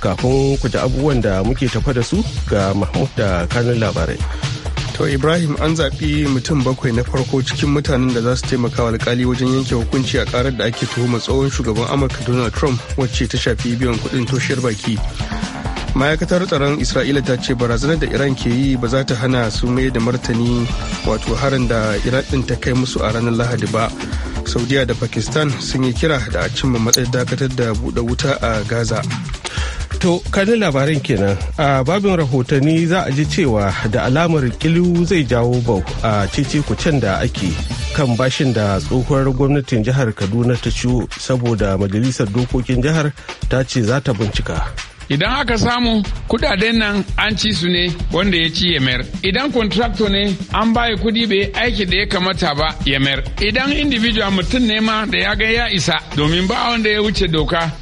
kafin ku ji abubuwan da muke tafa da su ga mahmud da kanun labarai to ibrahim an zaɓi mutum bakwai na farko cikin mutanen da za su taimaka wa alkali wajen yanke hukunci a karar da ake tuhuma tsohon shugaban amurka donald trump wacce ta shafi biyan kuɗin toshiyar baki ma'aikatar tsaron isra'ila ta ce barazanar da iran ke yi ba za ta hana su mai da martani wato harin da iran ɗin ta kai musu a ranar lahadi ba saudiya da pakistan sun yi kira da a cimma matsayin dakatar da buɗe wuta a gaza To, kanin labaran kenan a babin rahotanni za a ji cewa da alamar kilu zai jawo bau a cece kucen da ake kan bashin da tsohuwar gwamnatin jihar Kaduna ta ciwo saboda majalisar dokokin jihar ta ce za ta bincika. Idan aka samu kudaden nan an ci su ne wanda ya ci yamer. Idan kontrakto ne an baya kudi bai aiki da ya kamata ba yamer. Idan individual mutum ne ma da ya ga ya isa domin ba wanda ya wuce doka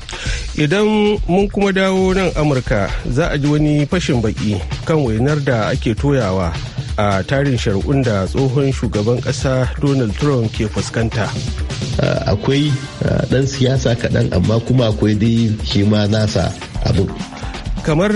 idan mun kuma dawo nan amurka za a ji wani fashin baki kan wainar da ake toyawa a tarin shari'un da tsohon shugaban kasa donald trump ke fuskanta ah, akwai ah, ɗan siyasa kaɗan amma kuma akwai dai shi ma nasa abin kamar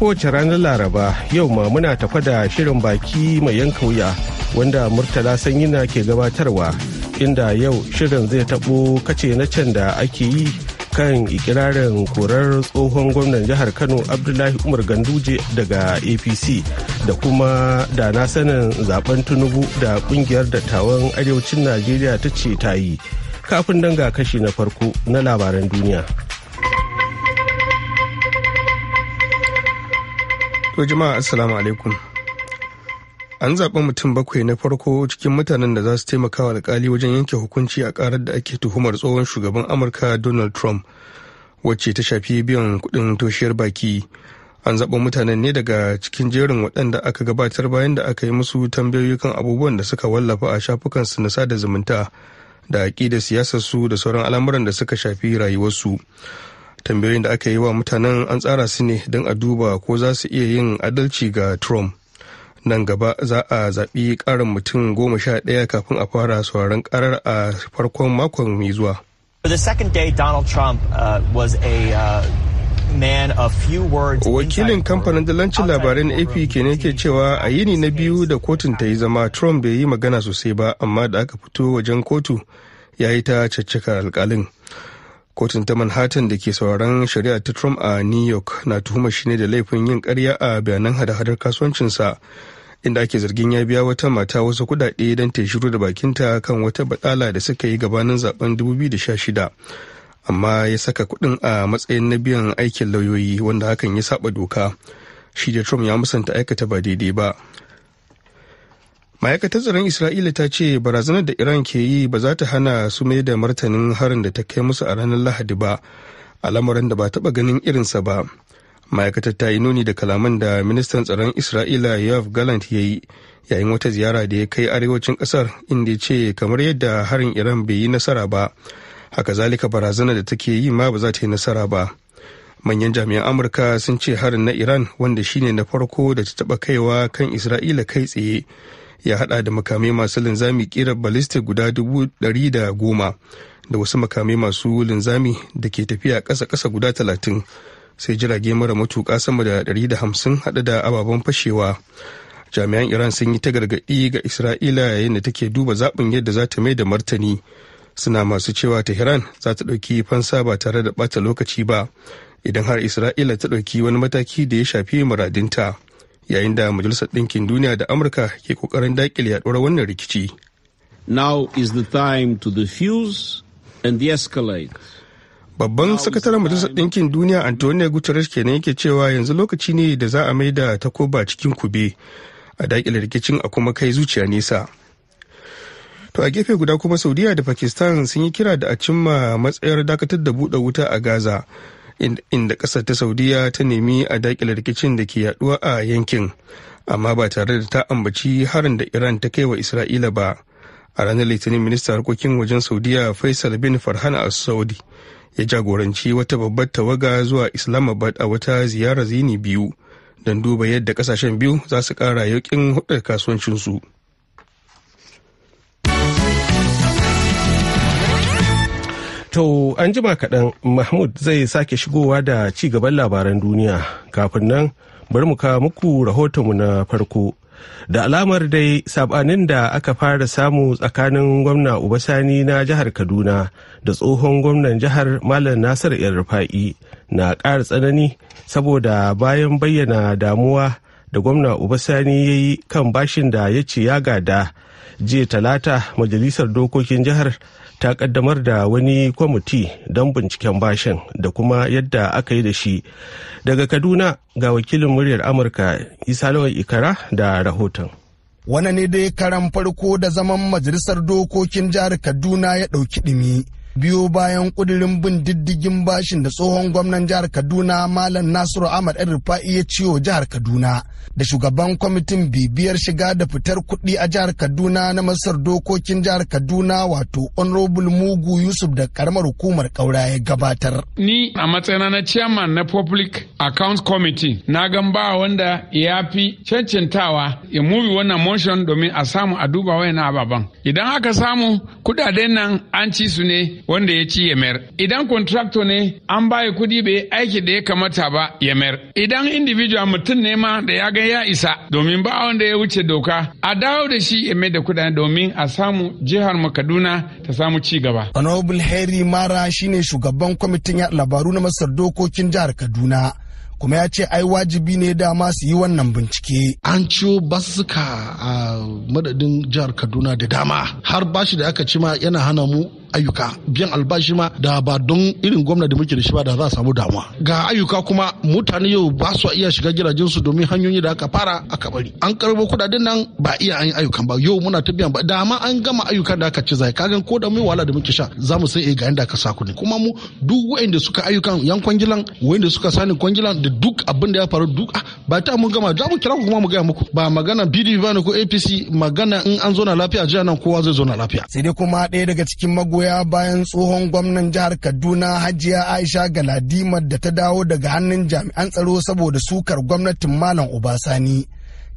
kowace ranar laraba yau ma muna tafa da shirin baki mai yanka wuya wanda murtala sanyina ke gabatarwa inda yau shirin zai taɓo kace na can da ake yi kan ikirarin korar tsohon gwamnan jihar kano abdullahi umar ganduje daga apc da kuma da na sanin zaben tinubu da kungiyar dattawan arewacin najeriya ta ce ta yi kafin danga kashi na farko na labaran duniya to jama'a assalamu alaikum an zaɓi mutum bakwai na farko cikin mutanen da za su taimaka wa alkali wajen yanke hukunci a karar da ake tuhumar tsohon shugaban amurka donald trump wacce ta shafi biyan kuɗin toshiyar baki an zaɓi mutanen ne daga cikin jerin waɗanda aka gabatar bayan da aka yi musu tambayoyi kan abubuwan da suka wallafa a shafukansu na sada zumunta da aƙida siyasar su da sauran al'amuran da suka shafi rayuwarsu tambayoyin da aka yi wa mutanen an tsara su ne don a duba ko za su iya yin adalci ga trump nan gaba za a zaɓi ƙarin mutum goma sha ɗaya kafin a fara sauraron ƙarar a farkon makon mai zuwa. Uh, uh, wakilin kamfanin dalancin labarai na ap kenan ke cewa a yini na biyu da kotun ta yi zama trump bai yi magana sosai ba amma da aka fito wajen kotu ya yi ta caccaka alkalin kotun ta manhattan da ke sauraron shari'a ta trump a new york na tuhumar shi ne da laifin yin karya a bayanan hada-hadar kasuwancinsa inda ake zargin ya biya wata mata wasu kudade don ta shiru da bakinta kan wata batsala da suka yi gabanin zaben 2016 amma ya saka kudin a matsayin na biyan aikin lauyoyi wanda hakan ya saba doka shi da trump ya musanta aikata ba daidai ba ma'aikatar tsaron isra'ila ta ce barazanar da iran ke yi ba za ta hana su mai da martanin harin da ta kai musu a ranar lahadi ba a lamarin da ba taba ganin irinsa ba ma'aikatar ta yi nuni da kalaman da ministan tsaron isra'ila yaf galant ya yi yayin wata ziyara da ya kai arewacin kasar inda ya ce kamar yadda harin iran bai yi nasara ba haka zalika barazanar da take yi ma ba za ta yi nasara ba manyan jami'an amurka sun ce harin na iran wanda shine na farko da ta taba kaiwa kan isra'ila kai tsaye ya hada da makamai masu linzami kera ballistic guda dubu dari da goma da wasu makamai masu linzami da ke tafiya kasa kasa guda talatin sai jirage mara matuka sama da dari da hamsin hada da ababen fashewa jami'an iran sun yi ta gargaɗi ga isra'ila yayin da take duba zaɓin yadda za ta mai da martani suna masu cewa tehran za ta ɗauki fansa ba tare da ɓata lokaci ba idan har isra'ila ta ɗauki wani mataki da ya shafi muradinta. yayin da majalisar ɗinkin duniya da amurka ke ƙoƙarin daƙile yaɗuwar wannan rikici now is the time to defuse and de-escalate babban sakataren majalisar ɗinkin duniya antonio guterres kenan yake cewa yanzu lokaci ne da za a maida koba cikin kube a daƙile rikicin a kuma kai zuciya nesa to a gefe guda kuma saudiya da pakistan sun yi kira da a cimma matsayar dakatar da buɗe wuta a gaza inda ƙasar ta saudiya ta nemi a dakile rikicin da ke yaduwa a yankin amma ba tare da ta ambaci harin da iran ta kai wa isra'ila ba a ranar litinin minista harkokin wajen saudiya faisal bin farhan al saudi ya jagoranci wata babbar tawaga zuwa islamabad a wata ziyarar zini biyu don duba yadda kasashen biyu za su kara yaukin hudar kasuwancinsu To an jima kaɗan Mahmud zai sake shigowa da ci gaban labaran duniya kafin nan bari mu kawo muku rahotonmu na farko. Da alamar dai sabanin da aka fara samu tsakanin gwamna Ubasani na jihar Kaduna da tsohon gwamnan jihar Malam Nasir Rufa'i na ƙara tsanani saboda bayan bayyana damuwa da gwamna Ubasani ya yi kan bashin da ya ce ya gada jiya talata majalisar dokokin jihar ta kaddamar da wani kwamiti don binciken bashin da kuma yadda aka yi da shi daga kaduna ga wakilin muryar amurka isa lawan ikara da rahoton wani ne dai karan farko da zaman majalisar dokokin jihar kaduna ya ɗauki ɗimi biyo bayan kudirin bin diddigin bashin da tsohon gwamnan jihar kaduna malam nasiru ahmad yan rufa'i ya ciwo jihar kaduna da shugaban kwamitin bibiyar shiga da fitar kuɗi a jihar kaduna na masar dokokin jihar kaduna wato honorable mugu yusuf da karamar hukumar kaura ya gabatar ni a matsayina na chairman na public account committee na gan ba wanda ya fi cancantawa ya mubi wannan motion domin a samu a duba wayan ababen idan aka samu kudaden nan an ci su ne wanda ya ci ya idan contractor ne an baya kudi bai aiki da ya kamata ba ya idan individual mutum ne ma da ya ga ya isa domin ba wanda ya wuce doka a dawo da shi ya da kudane domin a samu jihar maKaduna ta samu ci gaba honorable Harry Mara shine shugaban kwamitin ya labaru na Masar dokokin jihar Kaduna kuma ya ce ai wajibi ne dama su yi wannan bincike. An ciwo suka a madadin jihar Kaduna da dama har bashi da aka ci ma yana hana mu ayyuka biyan albashi ma da ba don irin gwamna da muke da shi ba da za a samu damuwa ga ayyuka kuma mutane yau ba su iya shiga gidajen su domin hanyoyi da aka fara aka bari an karbo kudaden nan ba iya an yi ayyukan ba yau muna ta biyan ba da ma an gama ayyukan da aka ci zai kagan ko da mai wala da muke sha za mu san eh ga inda aka sa kuɗi kuma mu duk wa'inda suka ayyukan yan kwangilan wa'inda suka sani kwangilan da duk abin da ya faru duk ah, ba ta mun gama za mu kira ku kuma mu gaya muku ba magana PDP ba ko APC magana in an zo na lafiya jiya nan kowa zai zo na lafiya sai dai kuma ɗaya daga cikin magoya goya bayan tsohon gwamnan jihar kaduna hajiya aisha galadimar da ta dawo daga hannun jami'an tsaro saboda sukar gwamnatin malam obasani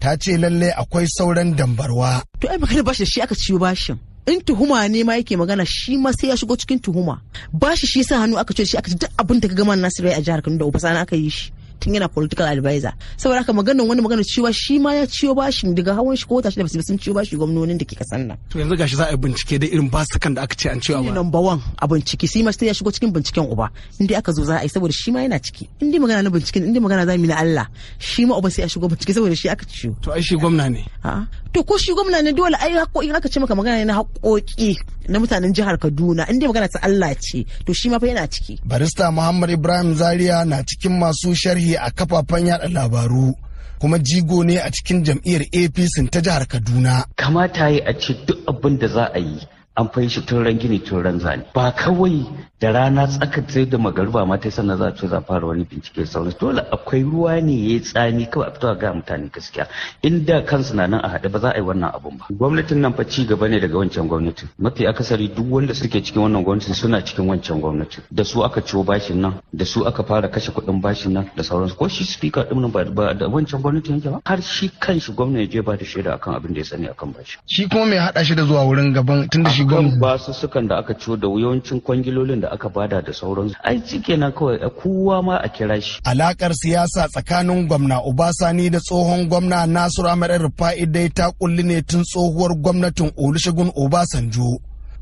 ta ce lallai akwai sauran dambarwa to ai magana bashi shi aka ciwo bashin in tuhuma ne ma yake magana shi ma sai ya shigo cikin tuhuma bashi shi sa hannu aka ce shi aka ci duk abin da ka gama nasiru a jihar kaduna da obasani aka yi shi tun yana political advisor saboda haka maganar wani magana cewa shi ma ya ciyo bashin daga hawan shi ko wata shi da sun ciyo bashi gwamnonin da ke kasan nan to yanzu gashi za a bincike da irin basakan da aka ce an ciyo ba number one a bincike shi ma sai ya shigo cikin binciken uba inda aka zo za a yi saboda shi ma yana ciki inda magana na binciken inda magana za mu na Allah shi ma uba sai ya shigo bincike saboda shi aka ciyo to ai shi gwamna ne a to ko shi gwamna ne dole ai haƙoƙi aka ce maka magana na haƙoƙi na mutanen jihar Kaduna in dai magana ta Allah ce to shi ma fa yana ciki barista Muhammad Ibrahim Zaria na cikin masu sharhi a kafafen yada labaru kuma jigo ne a cikin jam'iyyar APC ta jihar Kaduna kamata yi a ce duk abin da za a yi an fai shi tun ran gini tun ran zane ba kawai da rana tsaka sai da magariba ma ta sannan za a fara wani bincike sauran dole akwai ruwa ne ya yi tsami kawai a fito ga mutane gaskiya In da kansu na nan a haɗe ba za a yi wannan abun ba gwamnatin nan fa ci gaba ne daga wancan gwamnatin mafi akasari duk wanda suke cikin wannan gwamnatin suna cikin wancan gwamnatin da su aka ciwo bashin nan da su aka fara kashe kuɗin bashin nan da sauransu ko shi speaker nan ba da wancan gwamnatin yake ba har shi kanshi gwamnati ya je ba da shaida akan abin da ya sani akan bashi shi kuma mai haɗa shi da zuwa wurin gaban tunda shi kan sukan da aka ciwo da yawancin kwangilolin da aka bada da sauran ai na kawai kowa ma a kira shi alakar siyasa tsakanin gwamna Obasani da tsohon gwamna Nasiru amir Rufa'i dai ta kulli ne tun tsohuwar gwamnatin Olusegun Obasanjo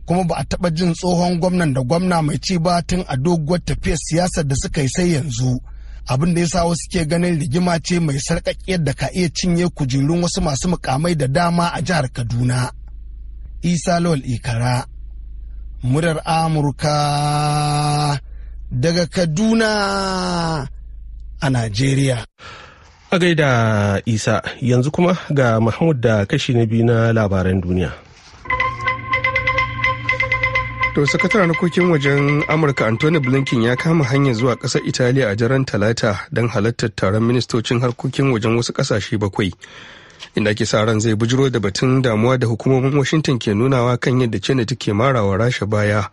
kuma ba a taɓa jin tsohon gwamnan da gwamna mai ci ba tun a doguwar tafiyar siyasar da suka yi sai yanzu abin da ya sa wasu ke ganin rigima ce mai sarƙaƙiyar da ka iya cinye kujerun wasu masu mukamai da dama a jihar kaduna isa lawal ikara murar amurka daga kaduna a najeriya a gaida isa yanzu kuma ga mahmud da kashi na biyu na labaran duniya To sakataren harkokin wajen Amurka Anthony Blinken ya kama hanya zuwa ƙasar Italiya a jiran Talata don halartar taron ministocin harkokin wajen wasu ƙasashe bakwai inda ake sa ran zai bujiro da batun damuwa da hukumomin washington ke nunawa kan yadda china take marawa rasha baya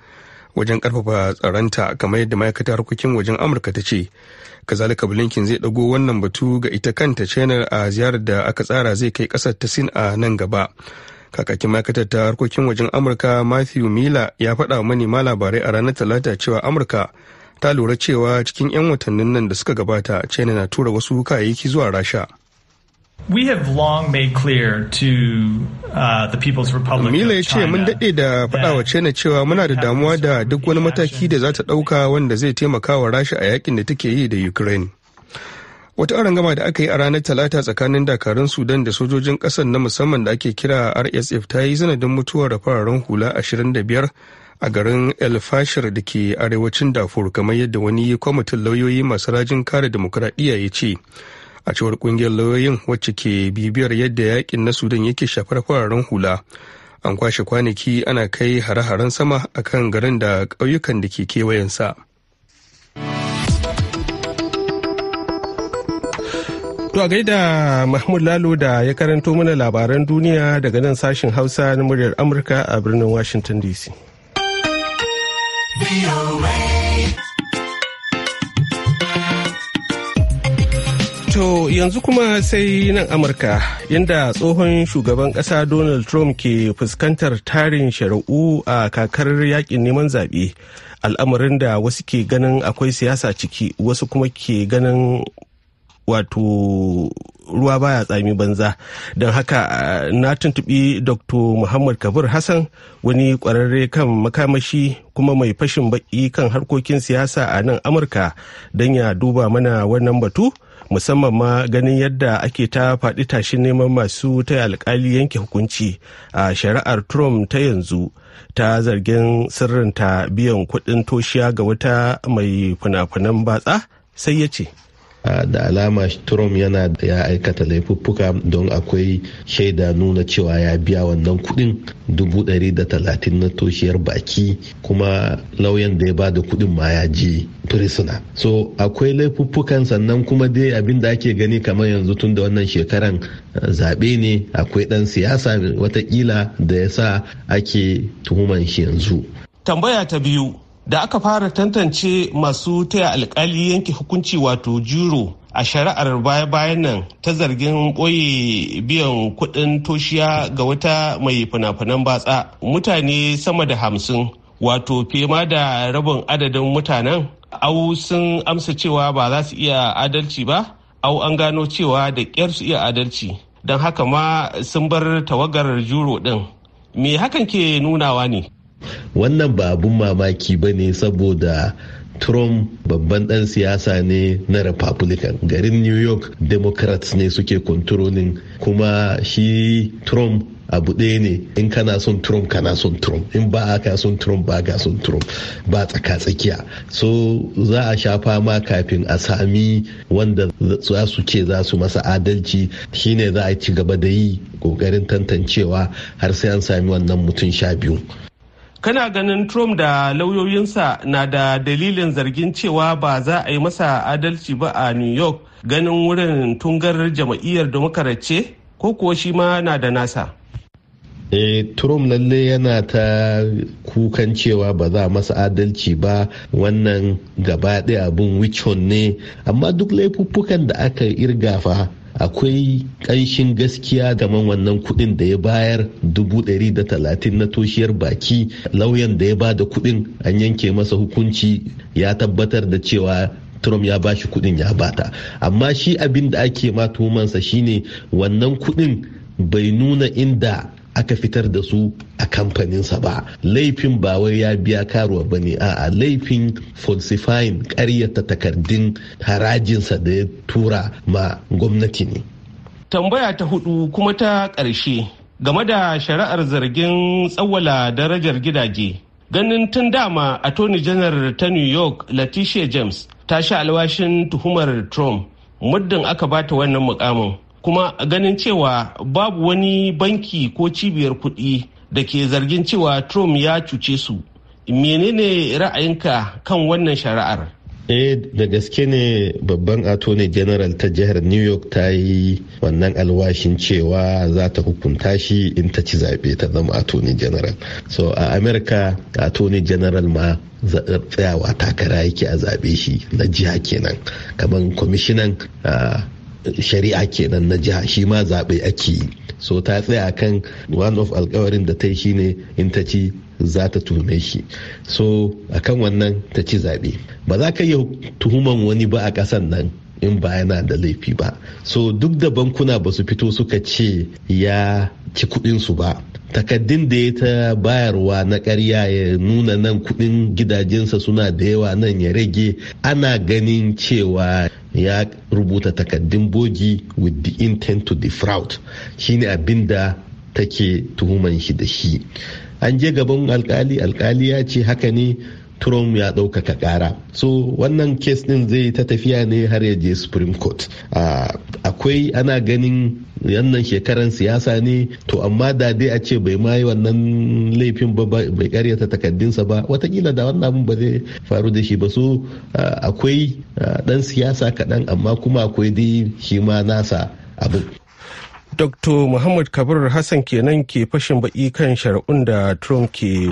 wajen karfafa tsaronta kamar yadda ma'aikatar harkokin wajen amurka ta ce kazalika blinken zai dago wannan batu ga ita kanta china a ziyarar da aka tsara zai kai kasar ta sin a nan gaba kakakin ma'aikatar ta harkokin wajen amurka matthew miller ya faɗa manema labarai a ranar talata cewa amurka ta lura cewa cikin 'yan watannin nan da suka gabata china na tura wasu kayayyaki zuwa rasha We have long made clear to Uh, the People's Republic Mila ya ce mun daɗe da faɗawa China cewa muna da damuwa da duk wani mataki da za ta ɗauka wanda zai taimaka wa Rasha a yakin da take yi da Ukraine. Wata arangama da aka yi a ranar Talata tsakanin dakarun Sudan da sojojin ƙasar na musamman da ake kira RSF ta yi sanadin mutuwar fararen hula 25 a garin El Fashir da ke arewacin Darfur kamar yadda wani kwamitin lauyoyi masu rajin kare demokuraɗiyya ya ce. a cewar kungiyar lauyoyin wacce ke bibiyar yadda yakin na sudan yake shafar fararen hula an kwashe kwanaki ana kai hare-haren sama akan garin da ƙauyukan da ke kewayensa. To a gaida Mahmud Lalo da ya karanto mana labaran duniya daga nan sashen Hausa na muryar Amurka a birnin Washington DC. To yanzu kuma sai nan Amurka yadda tsohon shugaban ƙasa Donald Trump ke fuskantar tarin shari'u a kakar yakin neman zaɓe. Al'amarin da wasu ke ganin akwai siyasa ciki wasu kuma ke ganin wato ruwa baya tsami banza don haka eh, na tuntubi dr muhammad kabir hassan wani ƙwararre kan makamashi kuma mai fashin baƙi kan harkokin siyasa a nan amurka don ya duba mana wannan batu musamman ma ganin yadda ake ta faɗi tashin neman masu taya alkali yanke hukunci a shari'ar trump ta yanzu ta zargin sirrinta biyan kuɗin toshiya ga wata mai fina-finan batsa sai ya ce da alama trump yana ya aikata laifuffuka don akwai shaida nuna cewa ya biya wannan kudin dubu ɗari da talatin na toshiyar baki kuma lauyan da ya ba da kudin ma ya je prisoner so akwai laifuffukan sannan kuma dai abin da ake gani kamar yanzu tun da wannan shekaran zaɓe ne akwai ɗan siyasa watakila da ya sa ake tuhuman shi yanzu tambaya ta biyu da aka fara tantance masu taya alkali yanke hukunci wato juro a shari'ar baya-bayan nan ta zargin ɓoye biyan kuɗin toshiya ga wata mai fina-finan batsa mutane sama da hamsin wato fema da rabin adadin mutanen au sun amsa cewa ba za su iya adalci ba au an gano cewa da ƙyar su iya adalci don haka ma sun bar tawagar juro din, me hakan ke nunawa ne wannan ba abun mamaki ba ne saboda Trump babban ɗan siyasa ne na Republican. Garin New York Democrats ne suke kontrolin kuma shi Trump abu ɗaya ne in kana son trump kana son trump in ba a ka son trump ba ka son trump ba tsaka tsakiya so za a sha fama kafin a sami wanda za su ce za su masa adalci shine za a ci gaba da yi kokarin tantancewa har sai an sami wannan mutum sha biyu kana ganin trump da lauyoyinsa na da dalilin zargin cewa ba za a yi masa adalci ba a new york ganin wurin tungar jama'iyyar dimokarace ce ko kuwa shi ma na da nasa e trump lalle yana ta kukan cewa ba za masa adalci ba wannan gaba ɗaya abin wichon ne amma duk laifuffukan da aka irgafa akwai ƙanshin gaskiya gaman wannan kuɗin da ya bayar dubu ɗari da talatin na toshiyar baki lauyan da ya ba da kuɗin an yanke masa hukunci ya tabbatar da cewa Trump ya bashi kuɗin ya bata amma shi abin da ake ma tuhumansa shine wannan kuɗin bai nuna inda aka fitar da su a kamfaninsa ba laifin ba ya biya karuwa ba ne a laifin falsifying karyata takardun harajinsa da ya tura ma gwamnati ne tambaya ta hudu kuma ta ƙarshe game da shari'ar zargin tsawala darajar gidaje ganin tun dama a attorney general ta new york latisha james ta sha alwashin tuhumar trump muddin aka bata wannan mukamin kuma ganin cewa babu wani banki ko cibiyar kuɗi da ke zargin cewa trump ya cuce su menene ra'ayinka kan wannan shari'ar eh da gaske ne babban attorney general ta jihar new york ta yi wannan alwashin cewa za ta hukunta shi in ta ci zaɓe ta zama attorney general so a america attorney general ma tsayawa takara yake a zaɓe shi na jiha kenan kamar kwamishinan ah, shari'a kenan na jiha shi ma zaɓe ake yi so ta tsaya kan one of alkawarin da ta yi shine in ta ci za ta tuhume shi so a kan wannan ta ci zaɓe ba za ka yi tuhuman wani ba a ƙasan nan in ba yana da laifi ba so duk da bankuna ba su fito suka ce ya ci kuɗinsu ba takaddun da ya ta bayarwa na karya ya nuna nan kuɗin gidajensa suna da yawa nan ya rage ana ganin cewa ya rubuta takaddun bogi with the intent to defraud shine abin da take tuhuman shi da shi an je gaban alkali alkali ya ce haka ne trump ya ɗaukaka ƙara so wannan kes ɗin zai ta tafiya ne har ya je supreme court akwai ana ganin yannan shekaran siyasa ne to amma da dai a ce bai ma wannan laifin ba bai karyata takaddinsa ba watakila da wannan abin ba zai faru da shi ba so akwai dan siyasa kaɗan amma kuma akwai dai shi ma nasa abin Dr. Muhammad Kabir Hassan kenan ke fashin baki kan shari'un da Trump ke